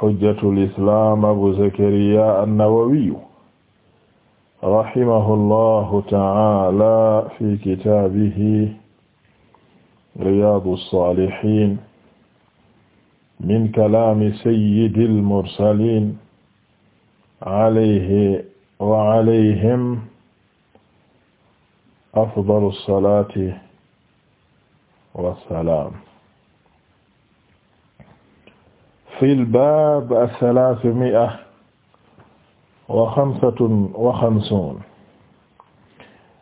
xujjatul islaam abu zakariya annawawiyu rahimahu llahu ta'ala fi kitaabihi riyaadu saalihiin min kalaami sayyidil mursaliin alayhi wa alayhim afdalu salaati wa salaam fil baab asalaasu mi'a wa xamsatun wa xamsuun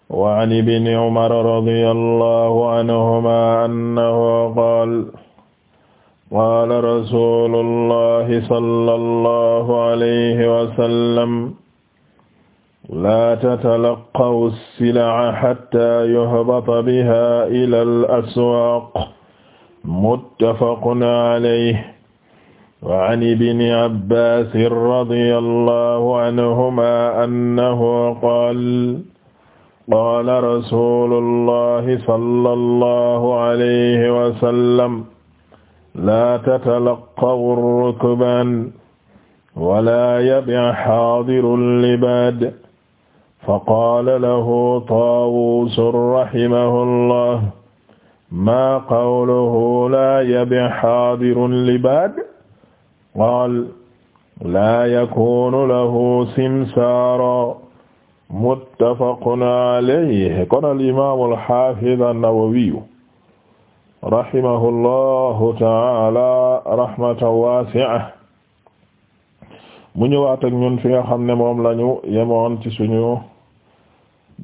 wa an ibni Umar radiyallahu anhumaa annahu qaala qaala rasuulullahi sallallahu alayhi wa sallam laa tatalaqaw as-sila'a hattaa yuhbata bihaa ilal aswaaq muttafaqun alayhi وعن ابن عباس رضي الله عنهما أنه قال قال رسول الله صلى الله عليه وسلم لا تتلقوا الركبان ولا يبع حاضر اللباد فقال له طاووس رحمه الله ما قوله لا يبع حاضر اللباد qaal laa yakunu lahu simsaaro muttafaqun alayhi kon al-imaam al-haafiz an-nawawiyu rahimahullahu taala rahmatan waasi'a mu ñëwaat ak ñun fi nga xam ne moom lañu yemoon ci suñu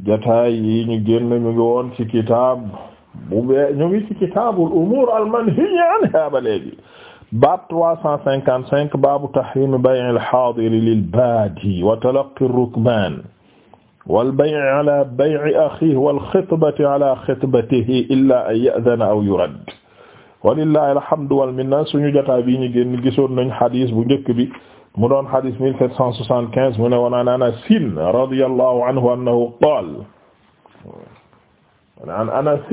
jataay yi ñu génn ñu ngi woon ci kitaab bu bee ñu ngi ci kitaabul umuur al-manhiyyi anhaa ba léegi baab 355 baabu tahrimi bay'il haadiri lil baadi wa talaqqi rukbaan wal bay'i ala bay'i akhiihi wal xitbati ala xitbatihi illaa an ya'dana aw yurad walillaahi alhamdu wal minna suñu jotaay bii ñu génn gisoon nañ xadis bu njëkk bi mu doon xadis 1775 mu ne woon an Anas radiyallaahu anhu annahu qaala an Anas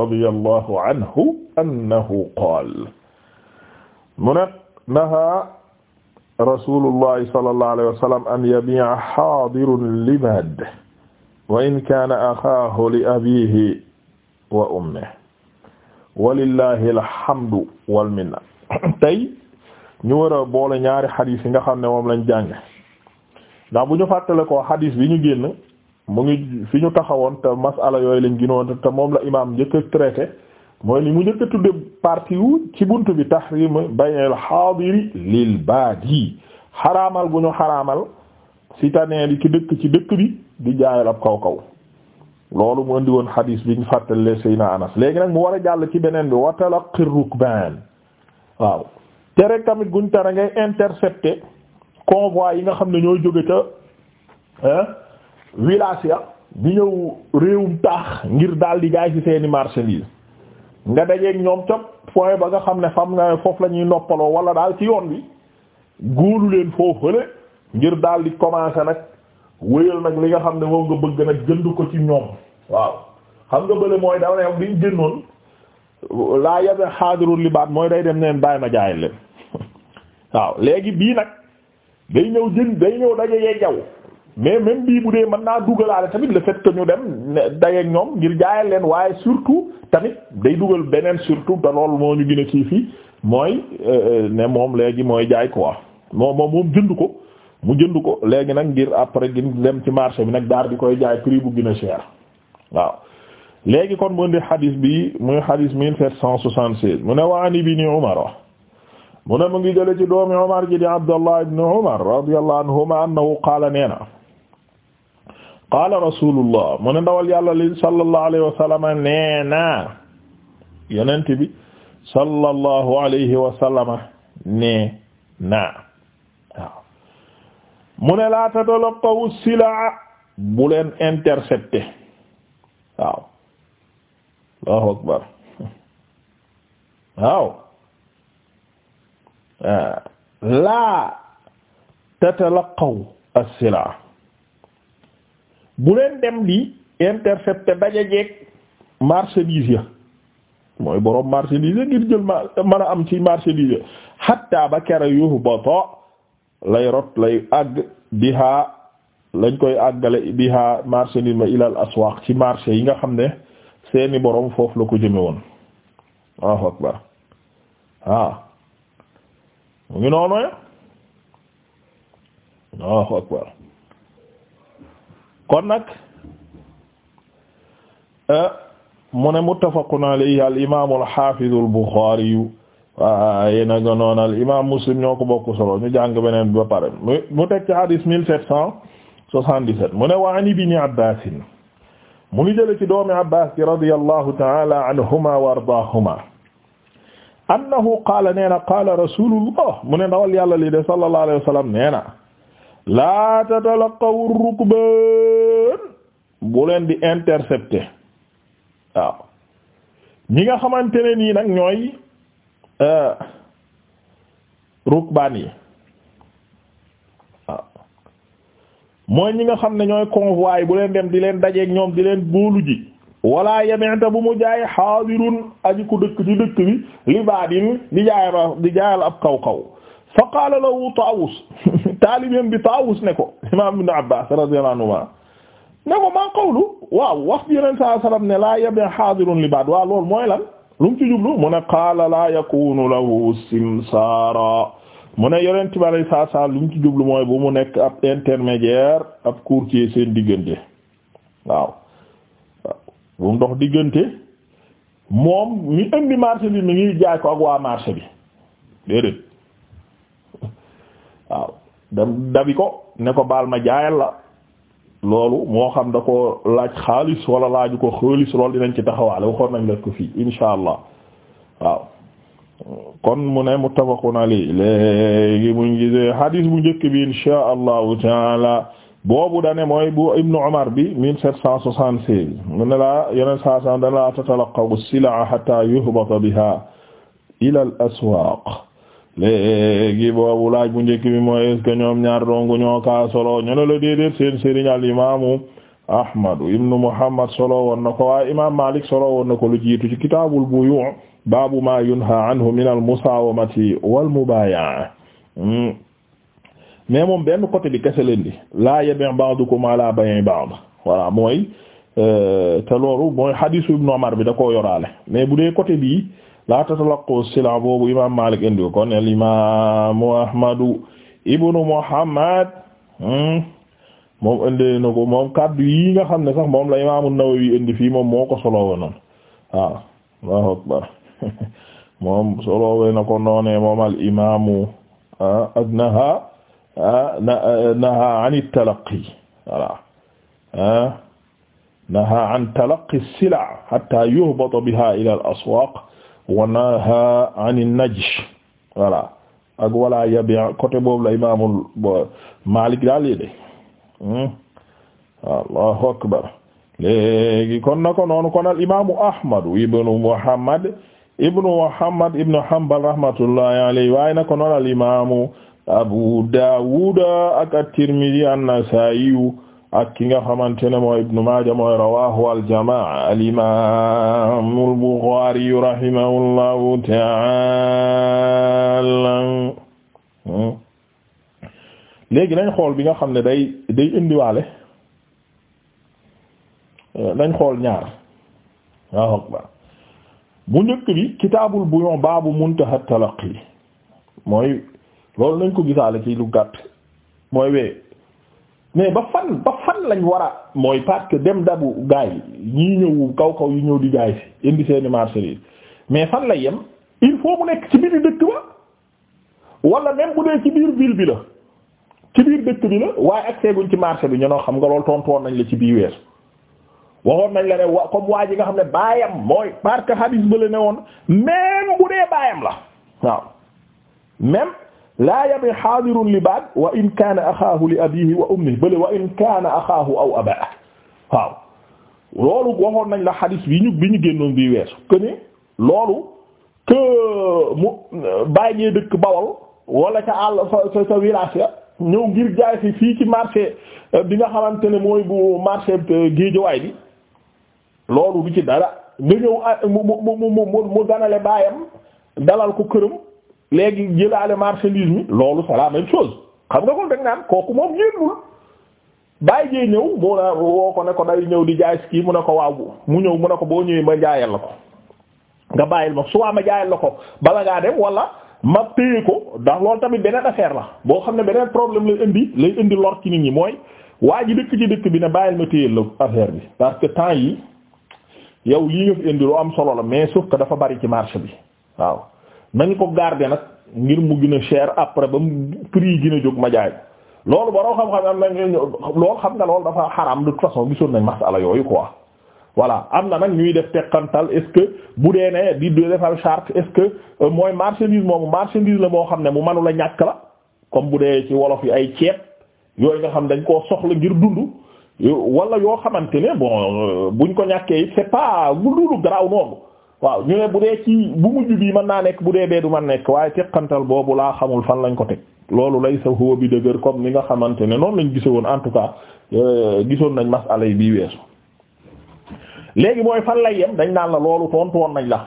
radiyallaahu anhu annahu qaala mu ne naha rasulullahi sallallahu alayhi wa sallam an yabi'a hadirun libaad wa in kaana axaahu li abiihi wa ummihi walillahi alhamdu wal minna tey ñu war boole ñaari xadis yi nga xam ne moom lañ jàng ndax bu ñu fàttale ko bi ñu génn mu ngi fi ñu taxawoon te masala yooyu lañ ginoon te moom la imaam njëkk a traité mooy li mu njëkk a tudde partie wu ci bunt bi tahrim baynal xaadiri lil baadi xaraamal gu ñu xaraamal citadin di ci dëkk ci dëkk bi di jaayal ab kaw kaw loolu mu indi woon xadiis bi ñu fàttale Seyna Anas léegi nag mu war a jàll ci beneen bi wa talaqi rukbaan waaw tere tamit guñ tere ngay intercepter convoi yi nga xam ne ñoo jóge ca village ya bi ñëw réewum taax ngir daal di jaay ci seeni marchandises nga dajeeg ñoom ca point ba nga xam ne fam nga foofu la ñuy noppaloo wala daal ci yoon bi góolu leen foofu fële ngir daal di commencer nag wéyal nag li nga xam ne moom nga bëgg nag jënd ko ci ñoom waaw xam nga bële mooy dafa ne biñ génnoon laa yabe xaadirul libaat mooy day dem neen bàyyi ma jaay leen waaw léegi bii nag day ñëw jën day ñëw daje yeeg jaww mais même bii bu dee mën naa dugalaale tamit le fait que ñu dem dayeeg ñoom ngir jaayal leen waaye surtout tamit day dugal beneen surtout te loolu moo ñu gën a kii fii mooy euh, ne moom léegi mooy jaay quoi moom moom jënd ko mu jënd ko léegi nag ngir après gin dem ci marché bi nag daar di koy jaay prix bu gën a cher waaw léegi kon mu di hadis bi muy hadis mille sept cent soixante-seize mu ne waani bi ni Umar mu ne mu ngi jële ci doomi Umar ji di Abdullah ibn Umar radiyallahu nee na qaala rasulullah mu ne ndawal yàlla li sallallahu alayhi wa sallam nee na yonent bi sallallahu alayhi wa sallam nee na waaw mu ne laa tatalaqawu silaa bu leen intercepté waaw allahu akbar waaw laa tatalaqaw as-silaa bu leen dem di intercepter daje jeeg marchandise ya mooy boroom marchandise ya ngir jël ma mën a am ci marchandise ya hatta ba kere yuhbata lay rot lay àgg biha lañ koy àggale biha marchandise ma ilal aswaq ci marché yi nga xam ne seeni boroom foofu la ko jëme woon waaw waaw ah. mu ngi noonu ya eh? waaw akbar kon nag euh, mu ne muttafaqun alayhi al imam al hafiz al bukhari waaye nag noonu al imam muslim ñoo ko bokk solo ñu jàng beneen bi ba pare mu teg ci hadis mille sept cent soixante-dix-sept mu ne wa an ibni abbas mu ngi jële ci doomi abbas bi radiyallahu ta'ala anhuma wa ardaahuma annahu qaala nee na qaala rasulullah mu ne ndawal yàlla li de sallallahu alayhi wa sallam nee na laa tatalaqaw rukbaan bu leen di intercepter waaw ñi nga xamante ne nii nag ñooy euh, rukbaan yi mooy ñi nga xam ne ñooy convois bu leen dem di leen dajeek ñoom di leen boolu ji wala yamenta bu mu jaay xaadirun aji ku dëkk ci dëkk bi li baadin di di jaayal ab kaw kaw fa qaala lahu Taawus taalibeem bi Taawus ne ko imaam Ibn Abbaas radiyallahu anhumaa ne ko maa qawlu waaw wax bi yeneen saa salaam ne laa yabi li ba'd waaw loolu mooy lan lu ci jublu mu ne qaala laa yakuunu lahu simsaara mu ne yeneen tubaab mooy bu nekk ab intermédiaire ab courtier seen diggante waaw bu mu dox diggante moom mi indi marché bi mi ngi jaay ko ak waa marché bi déedéet. dem dabi ko ne ko baal ma la loolu moo xam dako laaj xaalis wala laaju ko xaalis loolu dinañ ci taxawaale waxoon nañ la ko fi insha allah waaw kon mu ne muttafaqun alayhi léegi buñ gisee hadis bu njëkk bi insha allahu taala boobu dane mooy bu ibnu umar bi mille sept cent soixante-seize mu ne laa yeneen saa tatalaqaw silaa hatta yuhbata biha ila al léegi boobu laaj bu njëkk bi mooy est-ce ñoom ñaar dong ñoo ka solo ñu ne la déedéet seen sëriñ al imaamu ahmadu ibnu muhammad solo woon na ko waaye imaam malik solo woon na ko lu jiitu ci kitaabul buyu' baabu ma yunha anhu min al musaawamati wal mubaaya'a hmm. mais moom benn côté bi kese leen di la yabi' ba'dukum ala bay'i ba'd voilà mooy euh, te loolu mooy hadisu ibnu umar bi da yoraale mais bu dee côté bii la tatalaqu sila boobu imam Malik indi ko kon al imam Ahmadu ibnu Muhammad hmm, moom indi na ko moom kaddu yi nga xam ne sax moom la imam An-Nawawi indi fii moom moo ko solowee noonu waaw Allahu akbar moom solowee na ko noone moom al imamu ad naha naha an at-talaqi voilà naha an talaqi as-sila hatta yuhbata biha ila al-aswaq wanaha an najsh voilà ak wala yabi'a côté boobu la imaamul Maalik daal yéede hmm. Allahu akbar léegi kon na ko noonu kon al imaamu Ahmadu ibnu Muhammad ibnu Muhammad ibnu Hanbal rahmatullahi alayhi waaye na ko noonu al imaamu Abu Daawuda ak at-Tirmidhi an-Nasaa'i ak ki nga xamante ne mooy ibnu maaja mooy rawahu aljamaa alimamu albuxaariyu rahimahullahu taala léegi nañ xool bi nga xam ne day day indiwaale nañ xool ñaar waaw bu njëkk bi kitaabul buyoon baabu muntaha talaqi mooy loolu nañ ko gisaale ci lu gàtt mooy wee mais ba fan ba fan lañ war a mooy parce que dem dabu gaay yi ñëw kaw kaw yi ñëw di gaay si indi seeni marché yi mais fan la yem il faut mu nekk ci biir dëkk ba wala même bu dee ci biir ville bi la ci biir dëkk bi la waaye accès guñ ci marché bi ñu noo xam nga loolu tontoon nañ la ci bii weesu waxoon nañ la ne wa comme waa ji nga xam ne baayam mooy parce que hadis ba ne woon même bu dee baayam la waaw même laa yabi xaadirun li baad wa in kaana axaahu li abiihi wa ummihi bale wa in kaana axaahu aw abaa waaw loolu waxoon nañ la xadis bi ñu bi ñu génnoon bii weesu que loolu que mu bàyyi dëkk Bawol wala ca àll sa sa ya ñëw ngir jaay si fii ci marché euh, bi nga xamante ne mooy bu marché euh, géejawaay bi loolu du ci dara nga ñëw ah, mu mu mu mu ganale baayam dalal ko këram. léegi jëlaale marchandise mi loolu c'est la chose xam nga kon da naan kooku moom ñëwul ñëw boo la ko ne ko day ñëw di jaay ski mu ne ko waaw mu ñëw mu ne ko boo ñëwee ma jaayal la ko nga bàyyil ma su waa ma jaayal la ko bala ngaa dem wala ma téye ko ndax loolu tamit beneen affaire la boo xam ne beneen problème lay indi lay indi lor ci nit ñi mooy waa ji dëkk ci dëkk bi ne bàyyil ma téye la affaire bi parce que temps yi yow lii nga fi indi lu am solo la mais sauf que dafa bari ci marché bi waaw. nañ ko garder nag ngir mu gën cher après ba mu prix gën a jóg ma jaay loolu baroo xam-xam am nañ loolu xam nga loolu dafa xaraam de toute façon gisoon nañ masala yooyu ko quoi voilà am na nag ñuy def teqantal est-ce que bu dee ne di defal charte est-ce que euh, mooy marchandise moomu marchandise la boo xam ne mu manu la ñàkk la comme bu dee ci wolof yi ay ceeb yooyu nga xam dañ koo soxla ngir dund wala yoo xamante ne bon euh, buñ ko ñàkkee c'est pas lu dul garaaw noonu waaw ñu ne bu dee ci bu mujj bi mën naa nekk bu dee bee du man nekk waaye teqantal boobu laa xamul fan lañ ko teg loolu lay sa huwa bi dëgër comme ni nga xamante ne noon lañ gise woon en tout cas euh, gisoon nañ masala yi bii weesu léegi mooy fan lay yem dañ naan la loolu tontu woon nañ la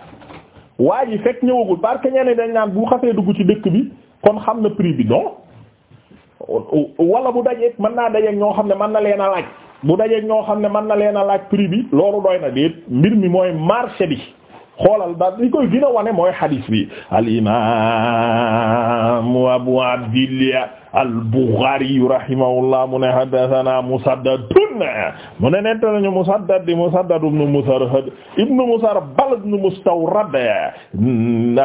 waa ji fekk ñëwagul parce que ñeneen dañ naan bu xasee dugg ci dëkk bi kon xam na prix bi non wala bu dajeeg mën naa dajeeg ñoo xam ne mën na leen a laaj bu dajeeg ñoo xam ne mën na leen a laaj prix bi loolu doy na déet mbir mi mooy marché bi xoolal daal di koy gën a wane mooy xadis bi al imam abu abdillah al-Bukhari rahimahullah mu ne haddathana Musaddad mu ne nett nañu Musaddad di Musaddad ibn Musarhad ibn Musarbal ibn Mustawrad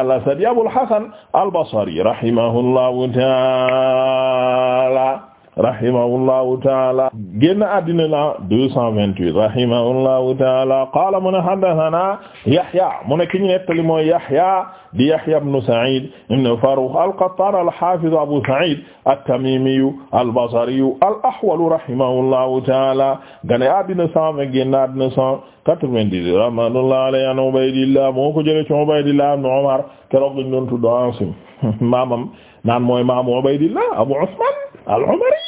al-Asadi Abul Hasan al-Basri rahimahullahu ta'ala rahimahullahu taala génn addina la 228 rahimahullahu taala qaala mu ne haddathana Yahya mu ne ki ñu nettali mooy Yahya di Yahya ibn Sa'id ibn Farrukh al-Qattan al-Hafiz Abu Sa'id at-Tamimi al-Basri al-Ahwal rahimahullahu taala gane addina 120 génn addina 190 rahmatullahi alayhi an Ubaydillah moo ko jëlee ci Ubaydillah ibn Umar keroog lañ doon tudd Asim maamam naan mooy maamu Ubaydillah Abu Usman al-Umari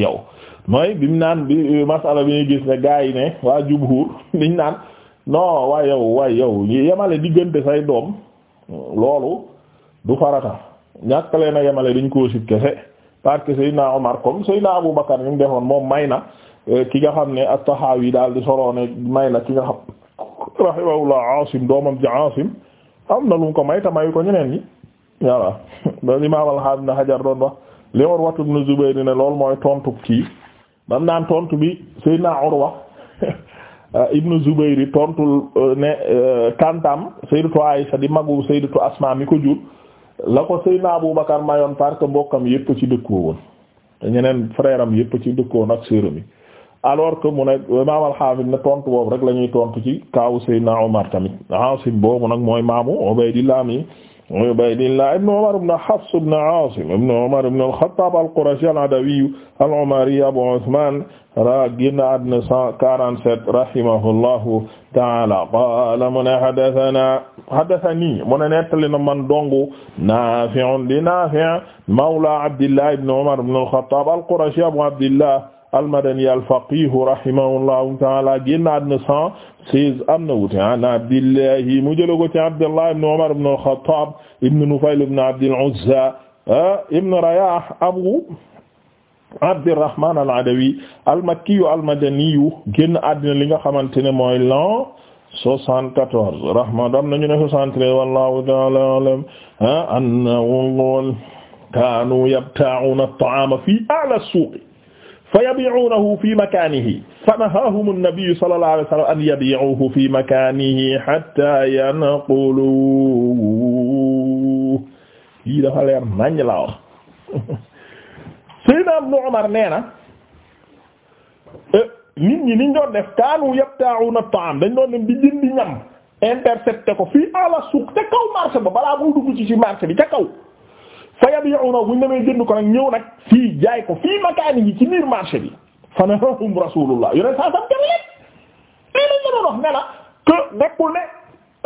yow mooy bi mu naan bi masala bi ñuy gis ne gaa yi ne waa jumhur liñ naan non waay yow waay yow yemale diggante say doom loolu du farata ñàkk leen a yemale dañ koo sib kese parce que Seydina Omar comme Seydina Abu Bakar ñu defoon moom may na euh, ki nga xam ne at yi daal di soroone may na ki nga xam rahimahullah Asim doomam ji Asim am na lu ko may ta mayu ko ñeneen ñi voilà loolu Imaam al-Hafiz Ibn Hajar doon wax li Urwatu ibn Zubayr ne loolu mooy tontu kii man naan tontu bi Seydina Urwa ibn Zubayr tontu euh, ne euh, kantam Sayyidatu Aisha di magu Sayyidatu Asma mi ko jur la ko Seydina Abubakar mayoon parce que mbokkam yëpp ci dëkkoo woon te ñeneen frère yëpp ci dëkkoo woon ak sœuram yi alors que mu ne imaam al ne tontu boobu rek lañuy ñuy tontu ci kaawu Seydina Omar tamit Asim boobu nag mooy maamu Ubaydillah mi Ubaydillah ibn Umar ibn Hafs ibn Asim ibn Umar ibn al-Khattab al-Qurashi al-Adawi al-Umari Abu Uthman ra génn àddina 147 rahimahullahu ta'ala qala mu ne hadathana hadathani mu ne nettali na man dongu Nafi'un di Nafi' mawla Abdillah ibn Umar ibn al-Khattab al-Qurashi Abu Abdillah almadani alfaqihu rahimahullahu taala génna adna cent seize am na wute an abdillahi mu jëla ko ci abdullah ibne omar ibne alxatab ibne noufail ibne abdil uzza ah, ibne rayah abu abdirahman aladawi almakkiyu almadaniyu génn àddina li nga xamante ne mooy lan soixante-quatorze rahma am nañu ne soixante-treize wallahu taala alam ah, annahu kaanu yabta'una at-ta'ama fi a'la as-suq fa yabi'unahu fi makanihi fa nahahum an-nabiy sallallahu alayhi wa sallam an yabi'uhu fi makanihi hatta yanqulu yii dafa leer nañ laa wax Seydina Ibn Umar nee na nit ñi niñ doon def kaanu yabta'una at-ta'am dañ doon dem di jëndi ñam intercepté ko fii ala suuq ca kaw marché ba balaa muy dugg ci ci marché bi ca kaw fa yabi'una bu ñu demee jënd ko nag ñëw nag fii jaay ko fii makaani yi ci biir marché bi fa nahahum rasulullah yoneen saa sam tere leen lii ne la que nekkul ne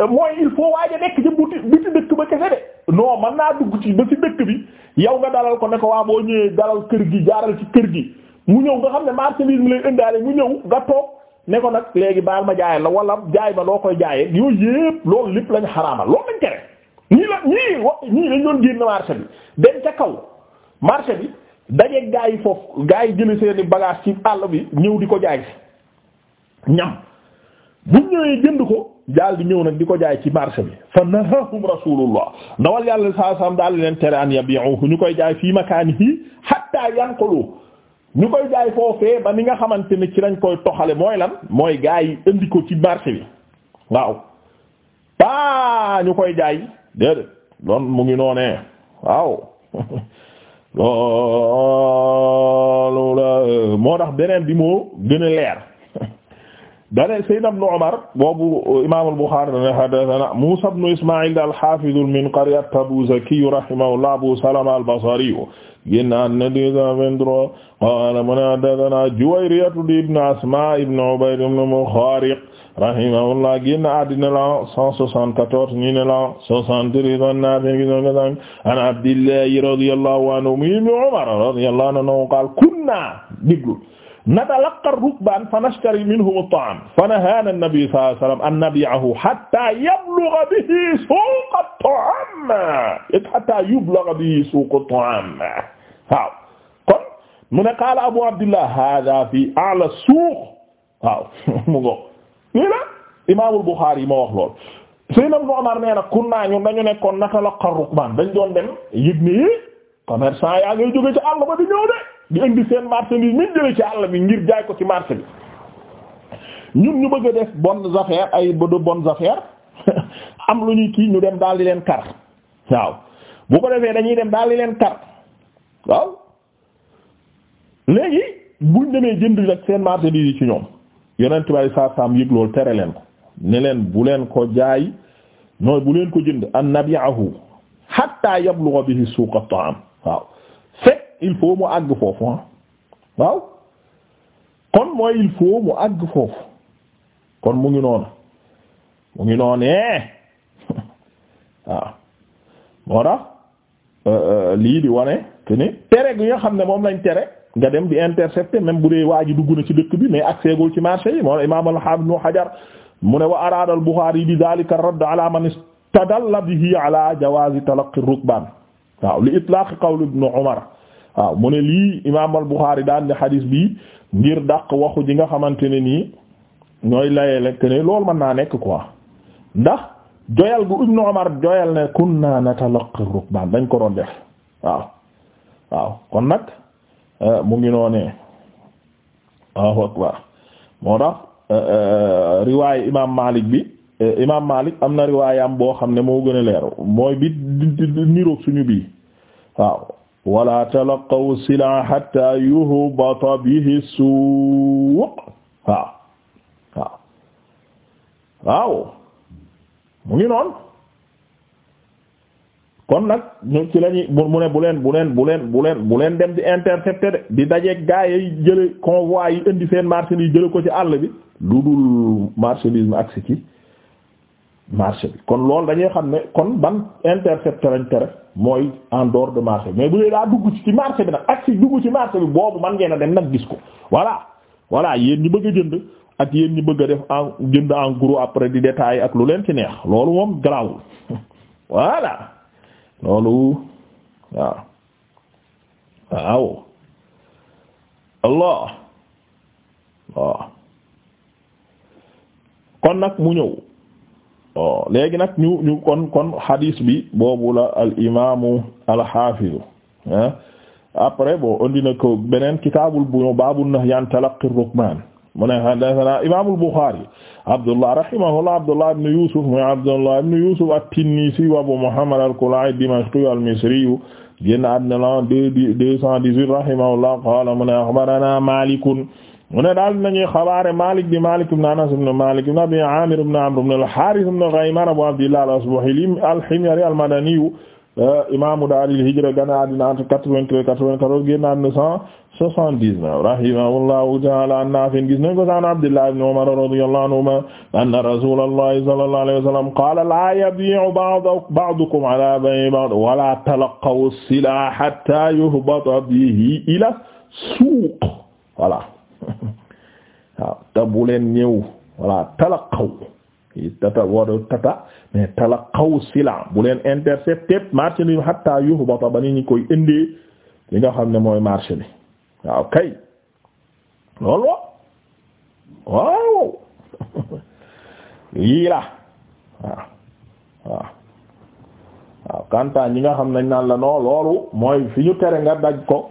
euh, mooy il faut waaja nekk ci buti biti dëkk ba kese de non mën naa dugg ci ba ci dëkk bi yow nga dalal ko ne ko waa boo ñëwee dalal kër gi jaaral ci kër gi mu ñëw nga xam ne marché bi mu lay indaale mu ñëw nga toog ne ko nag léegi baal ma jaayal la wala jaay ma loo koy jaayee yooyu yëpp loolu lépp lañ xaraama loolu lañ tere ñii la wa ñii dañ doon génn marché bi dem ca kaw marché bi dajeeg gaa yi foofu gaa yi jëli seeni bagage ci àll bi ñëw di ko jaay ñam bu ñëwee jënd ko jaal di ñëw nag di ko jaay ci marché bi fa nahahum rasulullah ndawal yàlla saa sam daal leen tere an yabi'uhu ñu koy jaay fii makaanihi hatta yanqulu ñu koy jaay foofee ba ni nga xamante ne ci lañ koy toxale mooy lan mooy gaa yi indi ko ci marché bi waaw baa ñu koy jaay déedéet loon mu ngi noonee waaw loolu la moo tax beneen bi moo gën a leer dane Sayyid ibn Umar boobu Imam al-Bukhari dane hadathana Musa ibn Ismail al-Hafiz al-Minqari at-Tabuzaki rahimahullah Abu Salama al-Basri génnaat na deux cent vingt-trois qala mu ne hadathana Juwayriyatu ibn Asma ibn Ubayd ibn Mukhariq rahimahullah génn àddina la 174 ñu ne la 63 doon naa fi gis nga sànq an Abdillahi radiyallahu anhu mu ibn Umar radiyallahu anhu qaal kunna diglu natalaqqa rukban fa nashtari minhum at-ta'am fa nahana an-nabi sallallahu alayhi wasallam an nabiya'ahu hatta yablugha bihi suq at-ta'am hatta yablugha bihi suq at-ta'am waaw kon mu ne qaala Abu Abdillah hadha fi a'la suq waaw mu ngo lii la imaamul Buxaari yi moo wax lool Seydina Ibnu Umar nee na kunnaa ñun dañu nekkoon natalaqqa rukbaan dañ doon dem yëg ni commerçant yaa ngay jóge ci àll ba di ñëw de di indi seen marchandise min ci àll bi ngir jaay ci marché bi ñu bëgg a def bonnes affaires ay de bon affaires am lu ñuy kii ñu dem daal di leen kar waaw bu ko defee dañuy dem daal di leen kar waaw léegi buñ demee jënd nag seen marché bi ci ñoom yonent bay saasaam yëg loolu tere leen ko ne leen bu leen ko jaay nooy bu leen ko jënd an nabi'ahu bi yablugha bihi suuqa ta'am waaw fekk il faut mu àgg foofu ah waaw kon mooy il faut mu àgg foofu kon mu ngi noonu mu ngi noonee waaw moo tax euh, euh, lii di wane te ni tere gi nga xam ne moom lañ tere nga dem di intercepter même bu dee waa ji na ci dëkk bi mais accès gul ci marché yi moo imaam al-Hafiz nu Hajar mu ne wa araada al-Bukhari bi dhalika radd ala man istadalla bihi ala jawaazi talaqqi rukbaan waaw li itlaaq qawl ibn Umar waaw mu ne lii imaam al-Bukhari daan ne xadis bi ngir dàq waxu ji nga xamante ne nii ñooy layele que ne lool man naa nekk quoi ndax joyal gu ibn Umar joyal ne kunna natalaqi rukbaan dañ ko doon def waaw Eh, mu ngi noonee Allahu akbar moo tax eh, eh, riwaay imaam Maalik bi imaam Maalik am na riwaayam boo xam ne moo gën a leer mooy bi niroog suñu bii waaw wala talaqaw sila hatta yuhbata bihi suuq waaw waaw waaw mu ngi noon kon nag ñu ci lañuy mu ne bu leen bu leen bu leen bu leen bu leen dem di intercepter de di dajeeg gaa yi jële convoi yi indi seen marchandise jële ko ci àll bi lu dul marchandise mi agsi ci marché bi kon loolu dañuy xam ne kon ban intercepter lañ tere mooy en dehors de marché bi mais bu dee daa dugg ci marché bi nag agsi dugg ci marché bi boobu man ngeen a dem nag gis ko voilà voilà yéen ñi bëgg a jënd ak yéen ñi bëgg a def en jënd en gros après di détailler ak lu leen ci neex loolu moom garaawul voilà loolu waaw waaw allah waaw kon nag mu ñëw oh, léegi nag ñu ñu kon kon hadis bi boobu la al imaamu ah. après bon indi ko beneen kitaabul bu ñëw baabu nahyi an talaqqi rukbaan mu ne haddathana imaamul Buxaari Abdullah rahimahullah Abdullah ibn Yusuf muy Abdullah ibn Yusuf at-Tinnisi wa Abu Muhammad al-Qula'i ad-Dimashqi al-Misri génn àddina la deux cent dix-huit rahimahullah qaala mu ne akhbarana Maalik mu ne daal nañuy xabaare Maalik bi Maalik ibn Anas ibn Maalik ibn Abi Aamir ibn Amr ibn al-Haaris ibn Ghaymaan Abu Abdillah al-Asbahili al-Himyari al-Madani Euh, imaamu daaril hijra gana addina entre quatre-vingt-treize quatre-vingt-quatorze génn àddina cent soixante-dix-neuf rahimahullahu ta'ala an Naafi' gis nañ ko saan Abdullah ibn Umar radiyallahu anhuma anna rasulallahi sallallahu alayhi wa sallam qaala laa yabii'u ba'dukum 'alaa bay'i ba'd wa laa talaqaw as-silaa hattaa yuhbata bihi ilaa suuq voilà waaw te bu leen ñëw voilà talaqaw tata wado tata mais talaqaw sila bu leen intercepté marché bi hatta yuhbata ba ni ñu koy indee li nga xam ne mooy marché bi waaw kay loolu waaw yii la waaw waaw waaw ñi nga xam nañ naan la noo loolu mooy fi ñu tere nga daj ko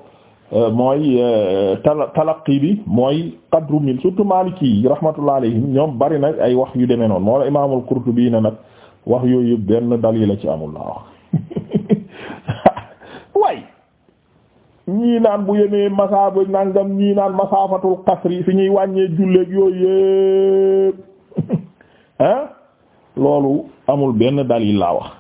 mooy euh, tala talaqi bi mooy qadru mil surtout maliki yi rahmatullah alayhim ñoom bari na ay wax yu demee noonu moo la imaamul Qurtubi na nag wax yooyu yëpp benn dalil la ci amul laa wax waay ñii naan bu yemee masaba nangam ñii naan masafatul qasri fi ñuy wàññee julleeg yooyu yëpp ah loolu amul benn dalil laa wax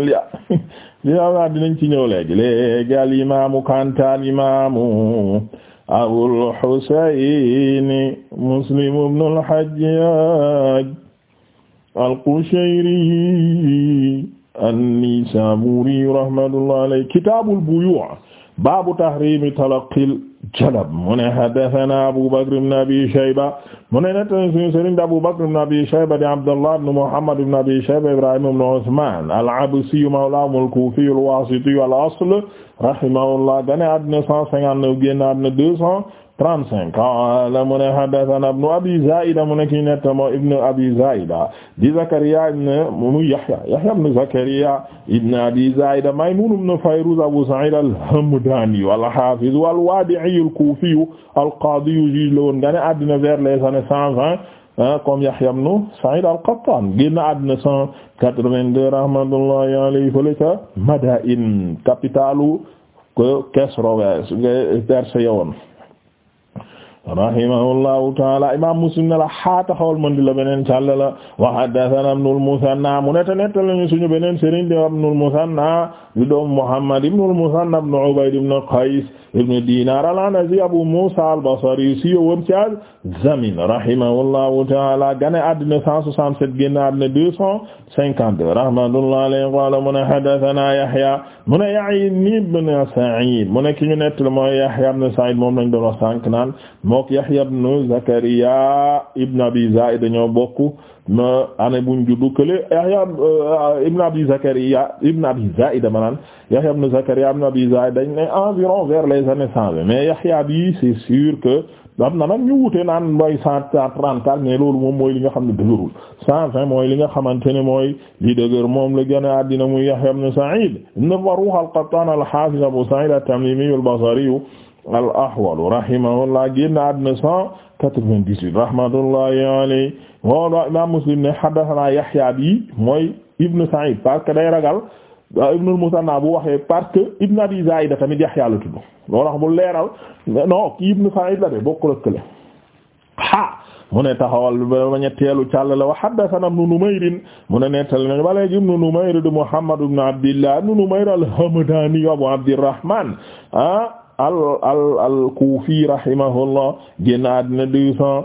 lia liawa dinañ ci ñëw léegi léegi al imamu kantaan imamu abul husayn muslim ibn al hajjaj al qushayri an-nisaburi rahmatullah alayhi kitabul buyu' babu tahrimi talaqil Jalab mu ne haddasanaa Abu Bakr ibn Abi Shayba mu ne nettali suñu sëriñ Abu Bakr ibn Abi Shayba di Abdullah ibn Muhammad ibn Abi Shayba Ibrahim ibn Usmaan al-Absi mawlaahum al-Kuufi al-Waasiti al-asl rahimahullah gane àddina 159 génn àddina 200 35 qaala mu ne haddathana ibnu abi zaida mu ne ki nettamo ibnu abi zaida di zakariya ibnu mu yahya yahya ibnu zakariya ibnu abi zaida maymun ibnu fayruz abu sa'id al-hamdani al-hafiz wal-wadi'i al-kufi al-qadi juge la woon gane àddina vers les années 120 comme Yahya ibn Sa'id al-Qattan génn àddina 182 rahmatullahi alayhi fële ca Madain capitalu Kesrowe Perse yowoon rahimahullahu taala imam muslim ne la xaataxawal mën di la beneen càll la wa haddathana ibnul musanna mu neta netta lañu suñu beneen sëriñ di ibnul musanna di doom muhammad ibnul musanna ibn ubayd ibn qais ibn Dinar al-Anazi Abu Musa al-Basri si yowoon ci Zamin rahimahullahu ta'ala gane àddina 167 génn àddina 252 rahmatullahi alayhi qala mu ne haddathana Yahya mu ne Ya'ni ibn Sa'id mu ne ki ñu nettali mooy Yahya ibn Sa'id moom lañ doon wax sànq naan mook Yahya ibn Zakariya ibn Abi Zaid ñoo bokk ma année buñ juddu kële Yahya euh, ibn Abi Zakariya ibn Abi Zaida maanaam Yahya Abi Zaida dañ ne environ vers les années cent vingt mais Yahya bi c'est sûr que na nag ñu wute naan mooy cent trente quatre mais li nga xam ne dëgërul cent li nga xamante ne mooy li la gën a addina muy Yahya ibn Sa'id ibn Farrukh al-Qattan al-Hafiz Abu Sa'id at-Tamimi al-Basri al-Ahwal rahimahullah génn àddina cent quatre vingt moom imaam Muslim ne haddathana Yahya bi mooy Ibn Sa'id parce que day ragal ah, Ibn al-Musanna bu waxee parce que Ibn Abi Zaida tamit Yahya la tudd loolu tax mu leeral non kii Ibn Sa'id la de bokkul ak ha mu ne taxawal ba ñetteelu càll la wa haddathana Ibn Numayr mu ne nettali nañu ba léegi Ibn Numayr de Muhammad ibn Abdillah Ibn Numayr al-Hamdani Abu Abdirrahman ah, al al al Kufi rahimahullah génn àddina deux cent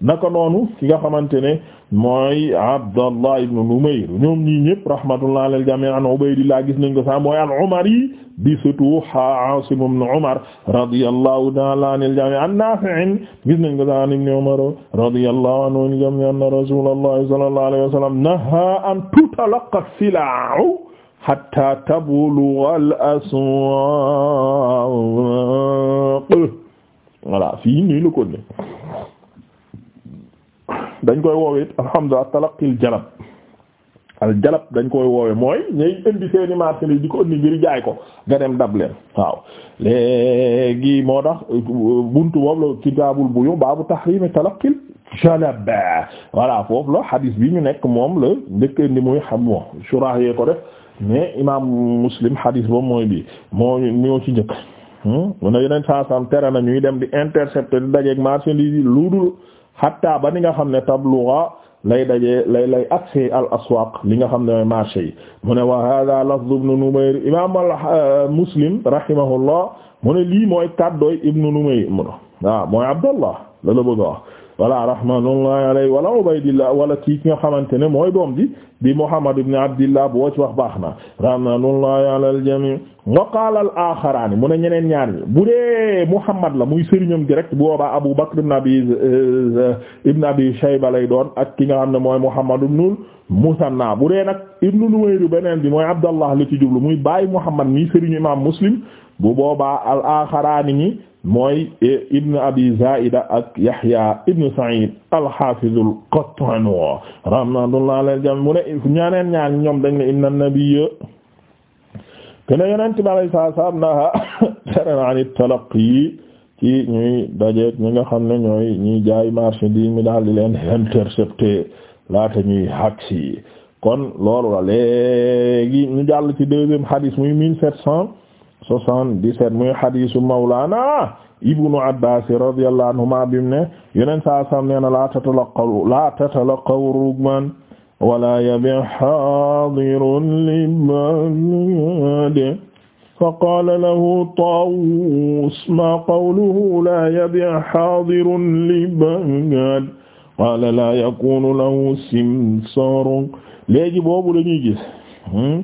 naka noonu ki nga xamante ne mooy Abdallah ibn Numayr ñoom ñii ñëpp rahmatullah alal jami' an Ubaydillah gis nañ ko sax mooy al-Umari bi surtout Asim ibn Umar radiyallahu ta'ala anil jami' an Nafi' gis nañ ko sax an ibn Umar radiyallahu anhu al jami' anna Rasulullah sallallahu alayhi wa sallam naha an tutalaqqa as-sila'u hatta tablugha al-aswaq voilà fii nii la ko ne dañ koy woowe it alhamdulilah talaqil jalab al jalab dañ koy woowe mooy ñay indi seeni marché li di ko indi ngir jaay ko nga dem dab leen waaw léegi moo tax bunt boobu la kitaabul buyu baabu tahrim talaqil jalab voilà foofu la hadis bi ñu nekk moom la njëkk indi muy xam mo surah yee ko def mais imam muslim hadis boobu mooy bii moo ñoo ci njëkk hmm? mu ne yeneen saa tere na ñuy dem di intercepter di dajeeg marché li lu dul hatta ba ni nga xam ne tabluga lay dajee lay lay agsi al aswaq li nga xam ne mooy marché yi mu ne wa hada lafz ibn Numayr imam al uh, Muslim rahimahullah mu ne lii mooy kaddooy ibn Numayr mu ne waaw mooy Abdallah la la bëgg a wax wala rahmatullahi alayhi wala ubaydillah wala kii ki nga xamante ne mooy doom bi di muhammad ibn abdillah boo ci wax baax na rahmatullahi ala al-jami wa qaala al-aaxaraani mu ne ñeneen ñaar ñi bu dee muhammad la muy sëriñam direct boobaa abu bakr ibn abi ibn abi shayba lay doon ak ki nga xam ne mooy muhammad ibn musanna bu dee nag ibn numayr beneen bi mooy abdallah la ci jublu muy bàyyi muhammad mi sëriñu imam muslim bu boobaa al-aaxaraani ñi mooy ibn abi zaida ak yahya ibn sa'id alhafizul qattan rahmatullah alayhi jam mu ne ñaaneen ñaar ñoom dañ ne inna nabiyya kene yonent bi alayhi salaam naha terana an talaqi ci ñuy dajeek ñi nga xam ne ñooy ñuy jaay marché bi mi daal di leen intercepté laata ñuy haksi kon loolu la léegi ñu jàll ci deuxième hadith muy mille sept cent 77 muy hadisu mawlana ibnu abbas radiyallahu anhuma bim ne yeneen saa sam nee na la tatalaqaw la tatalaqaw rugman wala yabi hadirun libade faqala lahu tawus ma qawluhu la yabi hadirun libad qala la yakunu lahu simsarun léegi boobu dañuy gis hmm?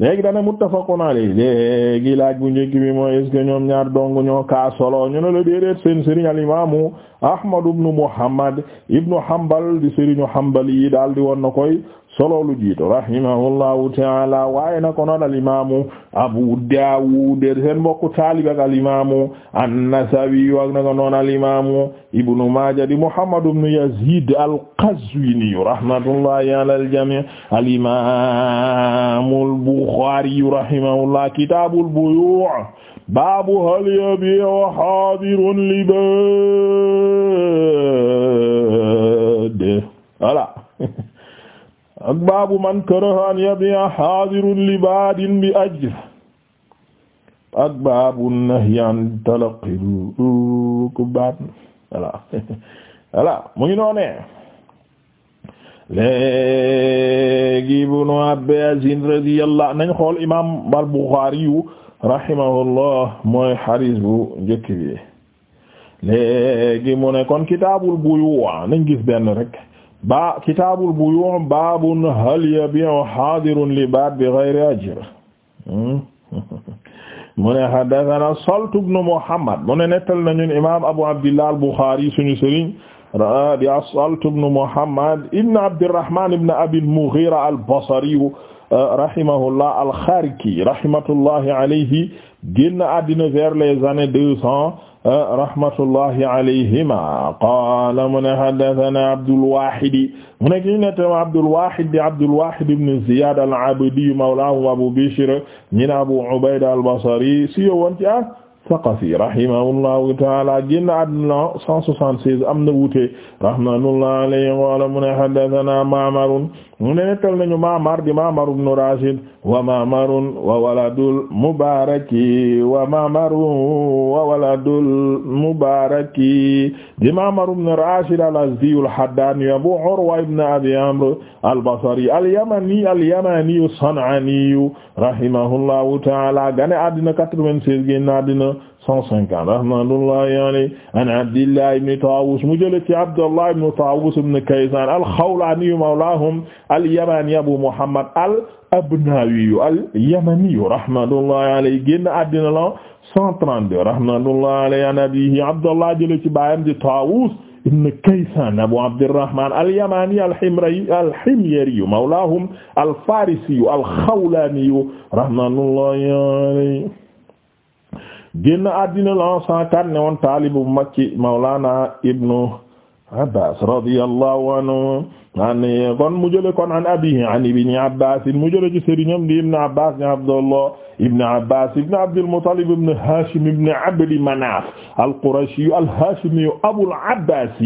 léegi dana muttafaqun alayhi léegi laaj bu njëkk mi mooy est-ce que ñoom ñaar dong ñoo kaa solo ñu ne la déedéet seen sëriñ al imaamu Ahmad ibnu Muhammad ibnu Hanbal di sëriñu Hanbali yi daal di woon na koy solo lu jiitu rahimahullahu ta'ala waaye na ko al imaamu Abu Dawud seen mbokk taalibe ak al imaamu an al imaamu Ibnu Maaja Muhammad ibn Yazid al-Qazwini rahmatullahi ala al-jamii' al imaamu al-Bukhari rahimahullah kitaabul buyuu' baabu hal yabii'u haadirun libaad voilà ak baabu man karaha an yabi'a hadirun li baadin bi ajr ak baabu nahyi an talaqi rukban voilà voilà mu ngi noonee léegi Ibnu Abbaas radiyallahu nañ xool imaam al-Buxaari rahimahullah mooy xadis bu njëkk bi léegi mu ne kon kitaabul buyuu nañ gis benn rek ba kitaabul buyu' baabun hal yabi'u haadirun li baad bi ghayri ajr hmm? mu ne haddathana Salt ibn Muhammad mu ne nettal nañu imaam Abu Abdillah al-Bukhari suñu sëriñ di Salt ibn Muhammad ibn Abdirrahman ibn Abil Mughira al-Basri uh, rahimahullah al-Kharki rahmatullahi alayhi génn àddina vers les années deux cents rahmatullahi alayhima qaala mu ne haddathana Abdulwahid mu ne kii ne tam Abdulwahid di Abdulwahid ibn Ziyad al-Abdi mawlahum Abu Bishr ñi na Abu Ubayda al-Basri si yowoon ci ah Saqafi rahimahullahu ta'ala génn àdduna 176 am na wuute rahmatullahi alayhi qaala mu ne haddathana Ma'mar mu ne nettal nañu Ma'mar di Ma'mar ibn Rashid wa Ma'marun wa waladul Mubaraki wa Ma'marun wa waladul Mubaraki di Ma'mar ibn Rashid al-Azdi al-Haddani Abu Urwa ibn Abi Amr al-Basri al-Yamani al-Yamani as-San'ani rahimahullahu ta'ala gane àddina 96 génn àddina 150 rahmatullahi alayhi an Abdillah ibn Tawus mu jële ci Abdullah ibn Tawus ibn Kaysan al-Khawlani mawlahum al-Yamani Abu Muhammad al-Abnawi al-Yamani rahmatullahi alayhi génn àddina la 132 rahmatullahi alayhi an abihi Abdullah jële ci baayam di Tawus ibn Kaysan Abu Abdirrahman al-Yamani al-Himri al-Himyari mawlahum al-Farisi al-Khawlani rahmatullahi alayhi génn àddina la cent quatre ne woon taalibu bu mag ci Mawlana Ibnu Abbas kon mu jële kon an abihi an ibni Abbas mu jële ci sëriñam di Ibnu ni Abdullah ibn Abbas ibn Abdul Muttalib ibn Hashim ibn Abdi Manaf al-Qurashi al-Hashimi Abul Abbas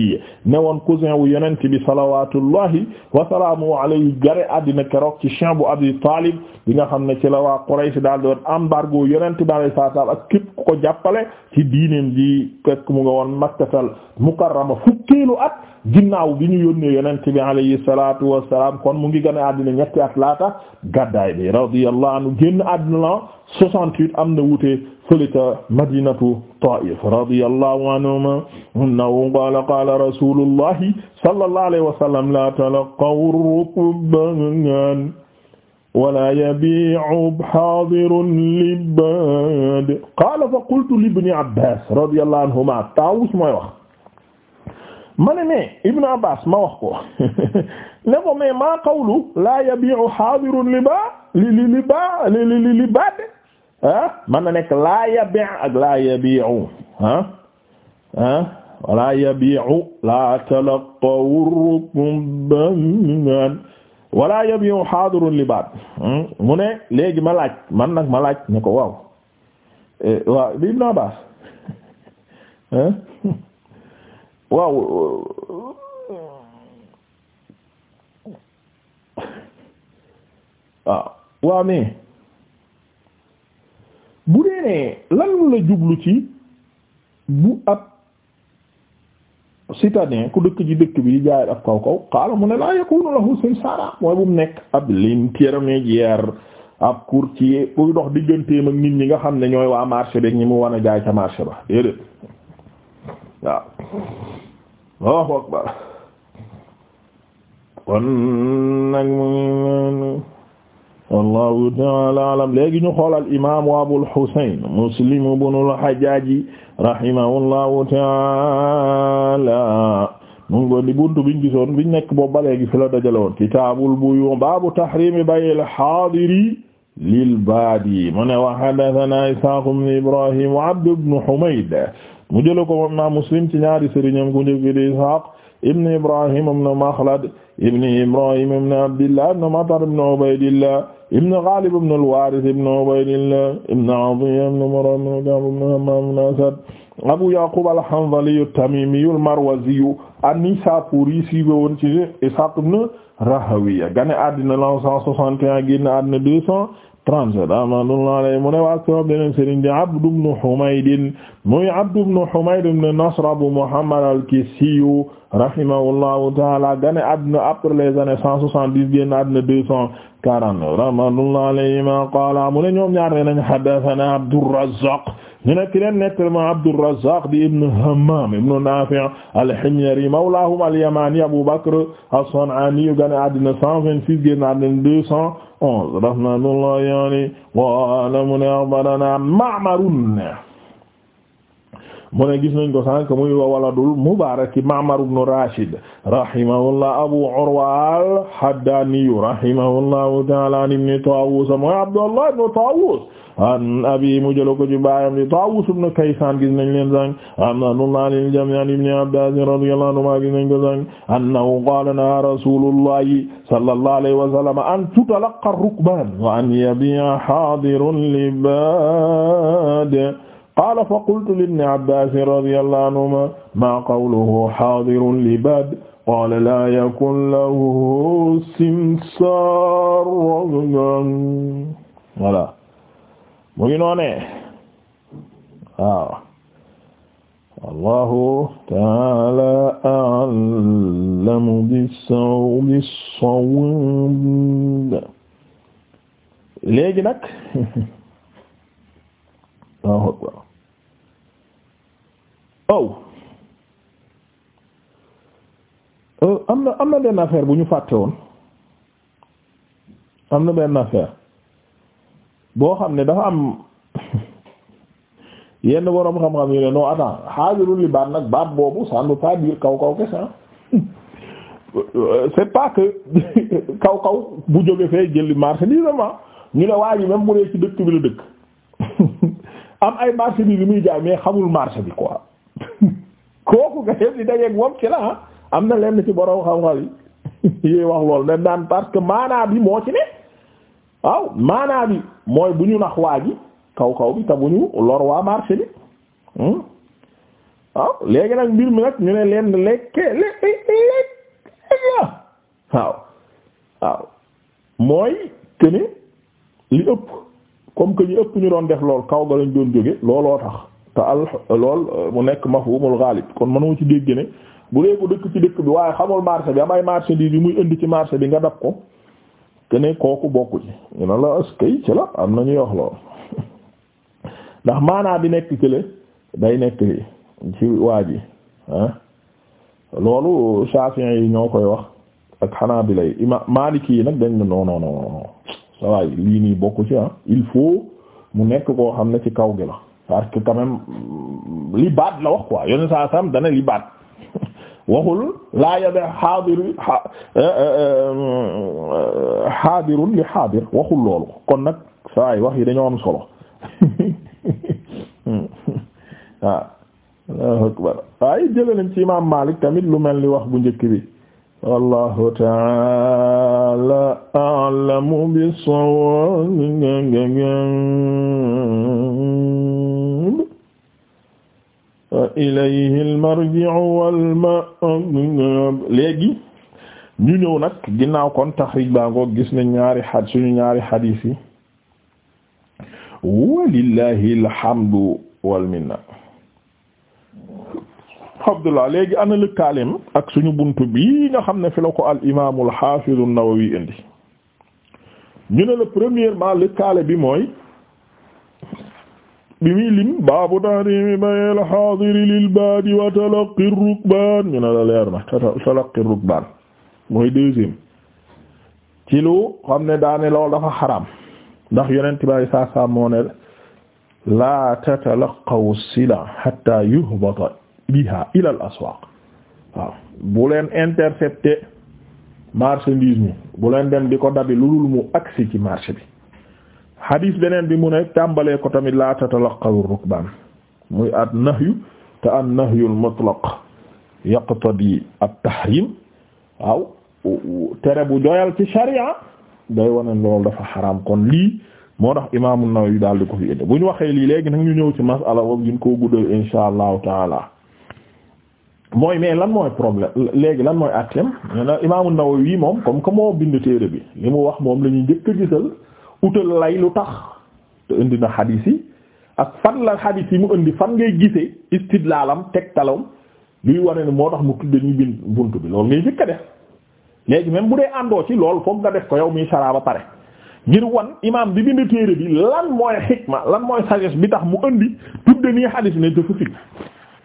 newoon cousin wu Yonent bi salawaatullahi wa salaamuhu alayhi gare àddina keroog ci champs bu Abi Talib bi nga xam ne ci la waa Quraysh daal doon embargo Yonent bi alayhi salaam ak képp ku ko jàppale ci diineem ji fekk mu nga woon Makkatal Mukarrama fukkeelu at ginnaaw bi ñu yónnee Yonent bi alayhi salaatu wa salaam kon mu ngi gën a àddina ñetti at laata gàddaay bi radiyallahu anhu génn àddina soixante-huit am na wute fële ca madinatu Taif radiyallahu anhuma annahu qaala qaala rasulullahi sallallahu alayhi wa sallam la talaqaw rukban wala yabi'u hadirun libad qaala fa qultu libni abbas radiyallahu anhuma Taawus mooy wax ma ne mais Ibn Abbas ma wax ko ne ko mais ma qawlu la yabi'u hadirun libad li li li ba li li li ba de ah man na nekk laa yabi' ak laa yabi'u ah ah wala yabi'u laa talaqaw rukban wala yabi'u hadirun li ba hmm, mu ne léegi ma laaj man nag ma laaj ne ko waaw eh, waaw li Ibn Abbas eh, waaw waaw ah, waaw mais bu dee ne lan la jublu ci bu ab citadin ku dëkk ci dëkk bi jaay ab kaw kaw xaala ne laa yakunu lahu simsaara mooy bu mu nekk ab l'intermédiaire ab courtier kuy dox digganteem ak nit ñi nga xam ne ñooy waa marché beeg ñi mu wan a jaay ca marché ba déedéet waaw Allahu akbar kon nag mu wallahu ta'ala alam léegi ñu xool al imaamu Abul Husayn Muslim ibnul Hajjaaj rahimahullahu ta'ala mu ngi woon di buntu biñ gisoon biñ nekk boobu ba léegi fi la dajale woon kitaabul buyu baabu tahriimi bay'il haadiri lil baadi mu ne wa haddathanaa Ishaaq ibn Ibraahiim wa Abd ibn Humayd mu jëloon ko moom Muslim ci ñaari sëriñam ku njëkk di Ishaaq ibn Ibraahiim ibn Makhlad ibn Ibraahiim ibn Abdillah ibn Matar ibn Ubaydillah ibn Ghalib ibn al-Warith ibn Ubaydillah ibn Atiyya ibn Murra ibn Ka'b ibn Hammam ibn Asad Abu Yaqub al-Hanzali at-Tamimi al-Marwazi an-Nisapuri siiwe woon ci Ishaq ibn Rahawiya gane àddina lan 161 génn àddina 237 rahmatullahi alayhi mu ne waa soo beneen sëriñ di Abd ibn Humayd muy Abd ibn Humayd ibn Nasr Abu Muhammad al-Kissi rahimahullahu taala gane adduna après les années cent soixante-dix génn adduna deux cent quarante-neuf rahmatullah alayhima qaala mu ne ñoom ñaar ne nañ haddathana Abdurrazzaq ñu ne ki leen nettali ma Abdurrazzaq di ibn Hammam ibn Nafi' al-Himyari mawlahum al-Yamani Abu Bakr as-San'ani gane adduna cent vingt-six génn adduna deux cent onze rahmatullah yani qaala mu ne akhbarana Ma'mar mu ne gis nañ ko sànq muy wa waladul Mubaarak Ma'mar ibn Rashid rahimahullah Abu Urwa al-Haddani rahimahullahu ta'ala an ibn Tawus mooy Abdullah ibn Tawus an abi mu jël ko ci baayam di Tawus ibn Kaysan gis nañ leen sànq amnanullah lil jami' an ibn Abbas radiyallahu anhuma gis nañ ko sànq annahu qala naha rasulullahi sallallahu alayhi wa sallam an tutalaqqa ar-rukban wa an yabi'a hadirun libad qaala fa qultu libni abbasin radiyallahu anhuma maa qawluhu xaadirun libad qaala laa yakun lahu simsaar voilà mu ngi noonee waaw wallahu taala a'lamu bis-sawaab léegi nag aw oh. euh, am na am na benn affaire bu ñu fàtte woon am na benn affaire boo xam ne dafa am yenn boroom xam-xam yi ne non attends xaajurul li baat nag baat boobu ça ne veut pas dire kaw kaw kese c'est pas que kaw kaw bu jóge fee jëli marchandise ma ñu ne waa ji bu dee ci dëkk bi la dëkk am ay marché bi li muy jaay mais xamul marché bi ko kooku nga yem di dajeeg moom ci la ah, am na lenn ci borom xam-xam yi yéen wax loolu dañ daan parce que maanaa bi moo ci ne waaw maanaa bi mooy bu ñu nax waa ji kaw kaw bi te bu ñu lor waa marché bi hmm, waaw léegi nag mbir mi nag ñu ne leen lekke lekk lekk waaw waaw mooy que li ëpp comme que ñu ëpp ñu doon def lool kaw ga lañ doon jóge looloo tax. te al lool euh, mu nekk mafhumul ghalib kon mënoo ci dégg ne bu dee ko dëkk ci dëkk bi waaye xamul marché bi amay marché bi bi muy indi ci marché bi nga dab ko te kooku bokku ci ñu ne la askay ci la am na ñuy wax lool ndax maanaa bi nekk kële day nekk ci waa ji ah loolu Shafi'i yi ñoo koy wax ak bi yi ima Maliki yi nag dañ ne non non lii nii bokku ci ah il faut mu nekk koo xam ne ci kaw gi la. parce que quand même li baat la wax quoi yone saa sam li baat waxul laa yabe xaadir euh, euh, euh, xaadirun li xaadir waxul loolu kon nag saa yi wax yi dañoo am solo waaw ah, Allahu akbar waaye jële nañ ci imaam Maalik tamit lu mel ni wax bu njëkk bi wallahu ta'ala a'lamu bis-sawab ilayhi al-marji'u wal léegi ñu ñëw nag ginnaaw kon taxrij baa ngoog gis na ñaari xad suñu ñaari xadiis yi walillahi alhamdu wal minna léegi ana lëkkaalim ak suñu bunt bi nga xam ne fi la ko al imaamu al indi ñu ne la premièrement lëkkaale bi mooy bi muy lim baabu tahrimi bayil xaadiri lil baadi wa talaqi rukbaan ñu ne la leer na talaqi rukbaan mooy deuxième ci lu xam ne daane lool dafa xaram ndax yonent bi saa saa moo ne laa tatalaqaw sila hatta yuhbata biha ila al aswaq waaw bu leen intercepter marchandise mi bu leen dem di ko dabi lu dul mu agsi ci marché bi hadis beneen bi mu ne tàmbalee ko tamit la tatalaqawu rukbaan muy at nahyu te an nahyu mutlaq yaqtadi at tahrim waaw tere bu doyal ci sharia day wane loolu dafa xaraam kon lii moo tax imaam an-Nawawi daal di ko fi indi bu ñu waxee lii léegi nag ñu ñëw ci masala boobu ñu ko guddal insha allahu mooy mais lan mooy problème léegi lan mooy àtteem imaam an-Nawawi moom comme que moo bind téere bi li mu wax moom la ñuy njëkk utal lay lu tax te indi na xadiis yi ak fan la xadiis yi mu indi fan ngay gisee istidlaalam tegtalam luy wane ne moo tax mu tudde ñu bind bunt bi loolu ngay njëkk a def léegi même bu dee àndoo ci loolu foog nga def ko yow miy sara ba pare ngir wan imaam bi bind téere bi lan mooy xikma lan mooy sagesse bi tax mu indi tudde nii xadiis ne dafa sib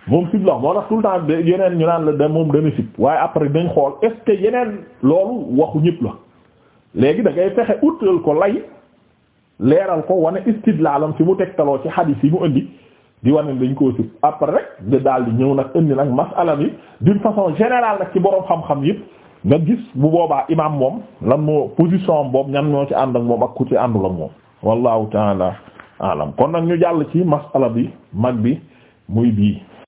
moom sib la moo tax tout le temps yeneen ñu naan la da moom dana sib waaye après dañ xool est yeneen loolu waxu ñëpp la da ngay fexe utal ko lay leeral ko wane istidlaalam fi mu tegtaloo ci xadis yi mu indi di wane dañ koo sib après rek da daal di ñëw nag indi nag masala bi d'une façon général nag ci boroom xam-xam yëpp nga gis bu boobaa imam moom lan moo position am boobu ñan ñoo ci ànd ak moom ak ku ci àndul ak moom wallahu taala alam kon nag ñu jàll ci masala bi mag bi muy bii